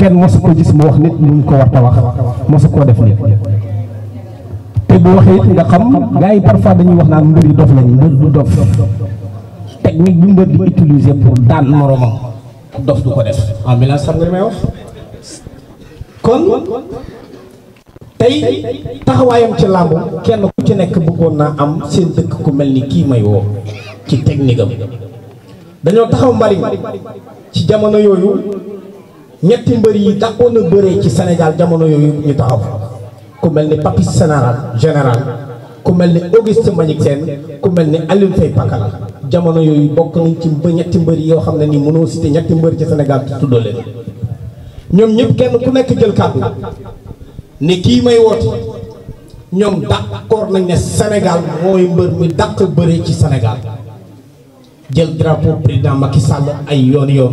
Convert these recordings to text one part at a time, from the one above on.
kenn mosu ko gis mu wax nit luñ ko war ta wax mosu koo def nit te bu waxee it nga xam gars yi parfois dañuy wax naan mbër yi dof lañu mbër du dof technique bi mbër di utiliser pour daan moromam dof du ko def en village xam nga kon tey taxawaayam ci làmb kenn ku ci nekk bëggoon naa am seen dëkk ku mel ni kii may woo ci technique dañoo taxaw mbari ci jamono yooyu ñetti mbër yi dàqoon a bëree ci Sénégal jamono yooyu ñu taxaw ku mel ni Papis général général ku mel ni Augustin Mbagnick Sène ku mel ni Alioune Faye Pakala jamono yooyu bokk nañ ci ba ñetti mbër yi yoo xam ne nii mënoo te ñetti mbër ci senegal te tuddoo ñoom ñëpp kenn ku nekk jël kàddu ne kii may woote ñoom d'accord nañ ne Sénégal mooy mbër mi dàq bëre ci Sénégal jël drapeau président Macky Sall ay yoon yoon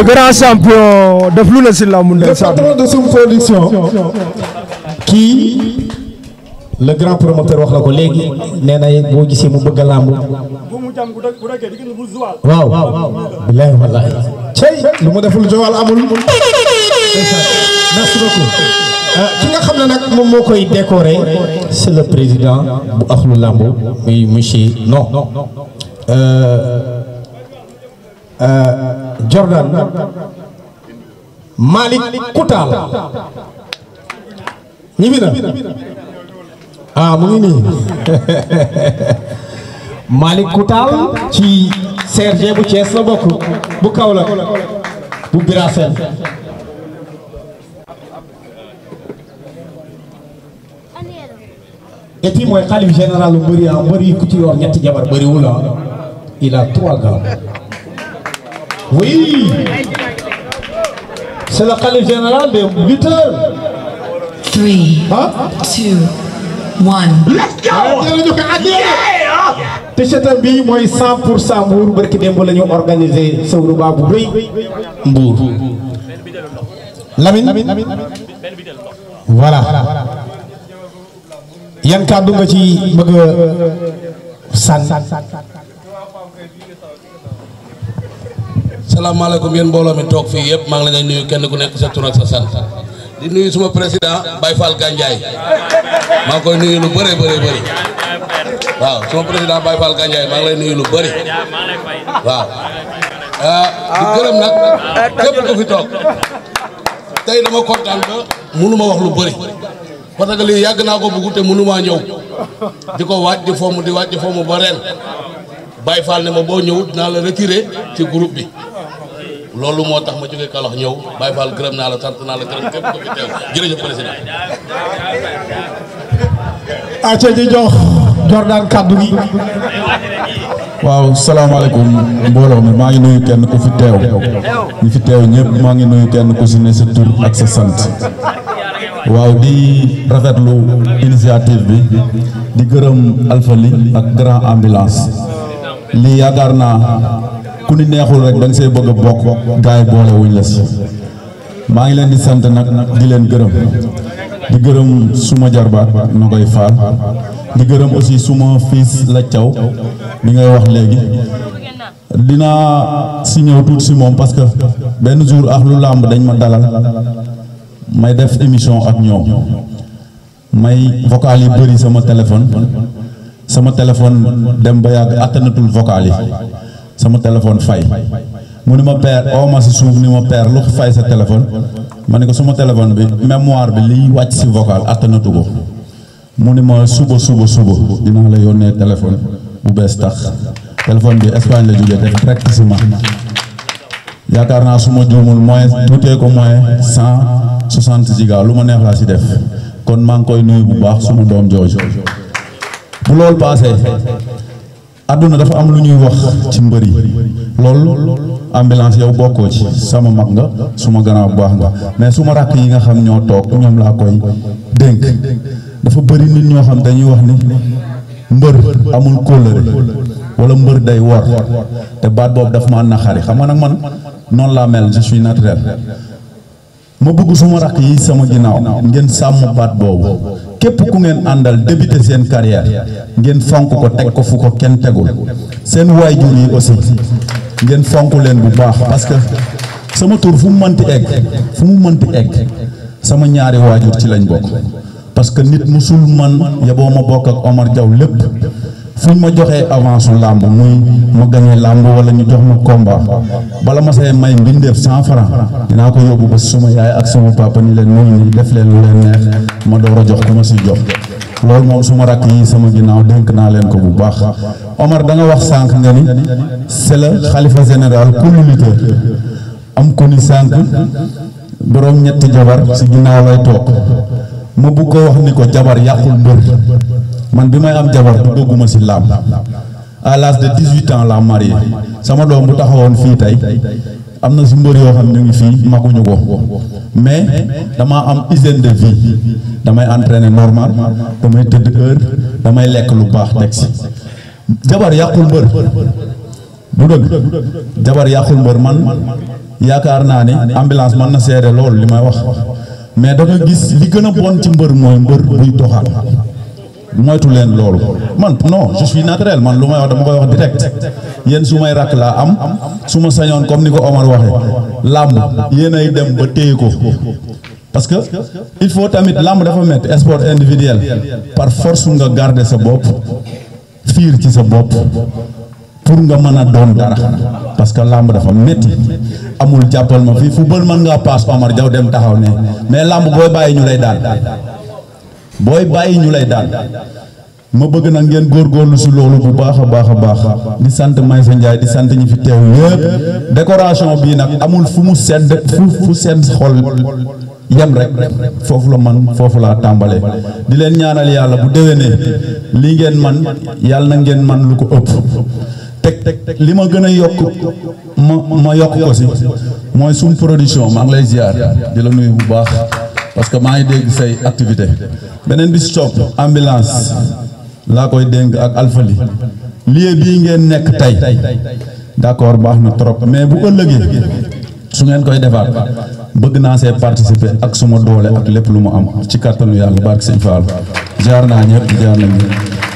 le grand champion de Flouna Silamou Le patron de son Production Qui le grand promoteur wax la ko léegi nee na boo gisee mu bëgg a làmb waaw bilaay wallaay cey lu mu deful Joal amul merci beaucoup euh, ki nga xamna nak mom moom moo koy décoré c'est le président bu axlu làmb muy monsieur non Euh Jordan Malick Koutal ñibbi na ah mu ngi nii Malick Koutal ci CRG bu Thiès la bokk bu Kaolack bu Birasène et puis mooy xalif général bu mbëri ah, ñetti jabar bëriwul ah trois gars Oui, c'est le général des lutteurs. 3, 2, bi mooy 100 pour 100 Mbour barki démb la ñu organisé Sowru Ba rëy Mbour. Lamine voilà yan kàddu nga ci bëgg a sànni. assalamualaikum yéen mbolo mi tok fi yeb maa ngi leen nuyu kenn ku nek sa tour ak sa sante di nuyu suma president Baye Fall Gandiaye maa koy nuyu lu beure beure beure waaw suma president Baye Fall Gandiaye maa ngi lay nuyu lu bëri waaw euh di gërëm nak képp ku fi tok tay dama kontaan ba munuma wax lu bëri parce que li yag na ko bëgg te munuma ñew diko wajj di fomu di wajj fomu ba ren Baye Fall ne ma bo ñewut na la retirer ci groupe bi loolu moo tax ma jógee Kaolack ñëw Baye gërëm naa la sant naa la acca ah, di jox Jordan kaddu gi. waaw salaamaaleykum mbooloo mi maa ngi nuyu kenn ku fi teew mi fi teew ñëpp maa ngi nuyu kenn ku si ne sa tur ak sa sant. waaw di rafetlu initiative bi di gërëm Alpha ak Grand Ambulance. lii yaakaar naa. ku ni neexul rek dang sey bëgg bok gaay boole wuñ la ci ma ngi leen di sant nak di leen gëreum di gëreum suma jarba na koy faal di gëreum aussi suma fils la ciow bi ngay wax legi dina si ñëw tuuti si moom parce que ben jour ak lu dañ ma dalal may def émission ak ñoom may vocal yi bari sama téléphone sama téléphone dem ba yag atanatul vocal yi sama téléphone fay mu ni ma père oo ma si suuf ni ma père lu fay sa téléphone ma ne ko suma téléphone bi mémoire bi liy wàcc si vocal attanatu ko mu ni ma suba suba suba dinaa la yónnee téléphone bu bees tax téléphone bi Espagne la jógee def direct si ma yaakaar naa su ma juumul moins tuutee ko moins cent soixante giga lu ma neex laa si def kon maa ngi koy nuyu bu baax suma doom jooju bu loolu paasee àdduna dafa am lu ñuy wax ci mbër yi loolu ambulance yow bokkoo ci sama mag nga suma gannaaw bu baax nga mais suma rakk yi nga xam ñoo toog ñoom laa koy dénk dafa bëri nit ñoo xam dañuy wax ni mbër amul kóllëre wala mbër day wor te baat boobu dafa ma naqari xam nga nag man noonu laa mel je suis naturel ma bëgg suma rakk yi sama ginnaaw ngeen sàmm baat boobu képp ku ngeen àndal débuté seen carrière ngeen fonk ko teg ko fu ko kenn tegul seen waajur yi aussi ngeen fonk leen bu baax parce que sama tur fu mu mënti egg fu mu mënti egg sama ñaari waajur ci lañ bokk parce que nit musul man yeboo ma bokk ak Omar jaw lépp fuñ ma joxé avance lamb muy ma gagné lamb wala ñu jox ma combat bala ma say may mbindef 100 francs dina ko yobbu ba suma yaay ak suma papa ni leen ñu def leen lu leen neex ma door jox ku ma jox lool moom suma rak yi sama ginaaw denk na leen ko bu baax Omar da nga wax sank nga ni c'est le xalifa général communauté am ko ni sank borom ñett jabar ci ginaaw lay tok mu bu ko wax ni ko jabar yaqul man bi may am jabar dugguma ci laam à l'âge de 18 ans la marié sama doom bu taxawoon fi tay amna su mbeur yo yoo xam ñu ngi fii maguñu ko mais dama am hygiène de vie damay entraîner normal damay tëdd heure damay lek lu bax tek ci jabar yaqul mbeur du deug jabar yaqul mbeur man yaakar na ni ambulance man na sédé lol limay wax mais da nga gis li gëna bon ci mbeur moy mbeur buy doxaan moytu leen loolu man non je suis naturel man lu may wax dama koy wax direct yéen su may rakk laa am su ma sañoon comme ni ko Omar waxee làmb yéen ay dem ba téye ko parce que il faut tamit làmb dafa métti sport individuel par force nga garder sa bopp fiir ci sa bopp pour nga mën a doon dara parce que làmb dafa métti amul jàppal ma fii football mën ngaa paas Omar Diaw dem taxaw ne mais làmb booy bàyyi ñu lay daal. boy bàyyi ñu lay daal ma bëgg na ngeen gor gor lu su lolu bu baaxa baaxa baax di sante may Maysa ndjay di sante ñi fi teew yeb décoration bi nak amul fu mu sedd fu fu sedd xol yam rek fofu la man fofu la tambalé di leen ñaanal yalla bu déwénee li ngeen man yalla na ngeen man lu ko upp tek teg li ma gën a ma yok ko ci moy sun production ma ngi lay ziar di la nuyu bu baax parce que maa ngi dégg say activité beneen bi si topp ambulance laa koy dénk ak alfali lieu bii ngeen nekk tey d'accord baax na trop mais bu ëllëgee su ngeen koy defaat bëgg naa see participer ak suma doole ak lépp lu mu am ci kàttanu yàlla barke sëñ Fall jaar naa ñëpp jaar nañu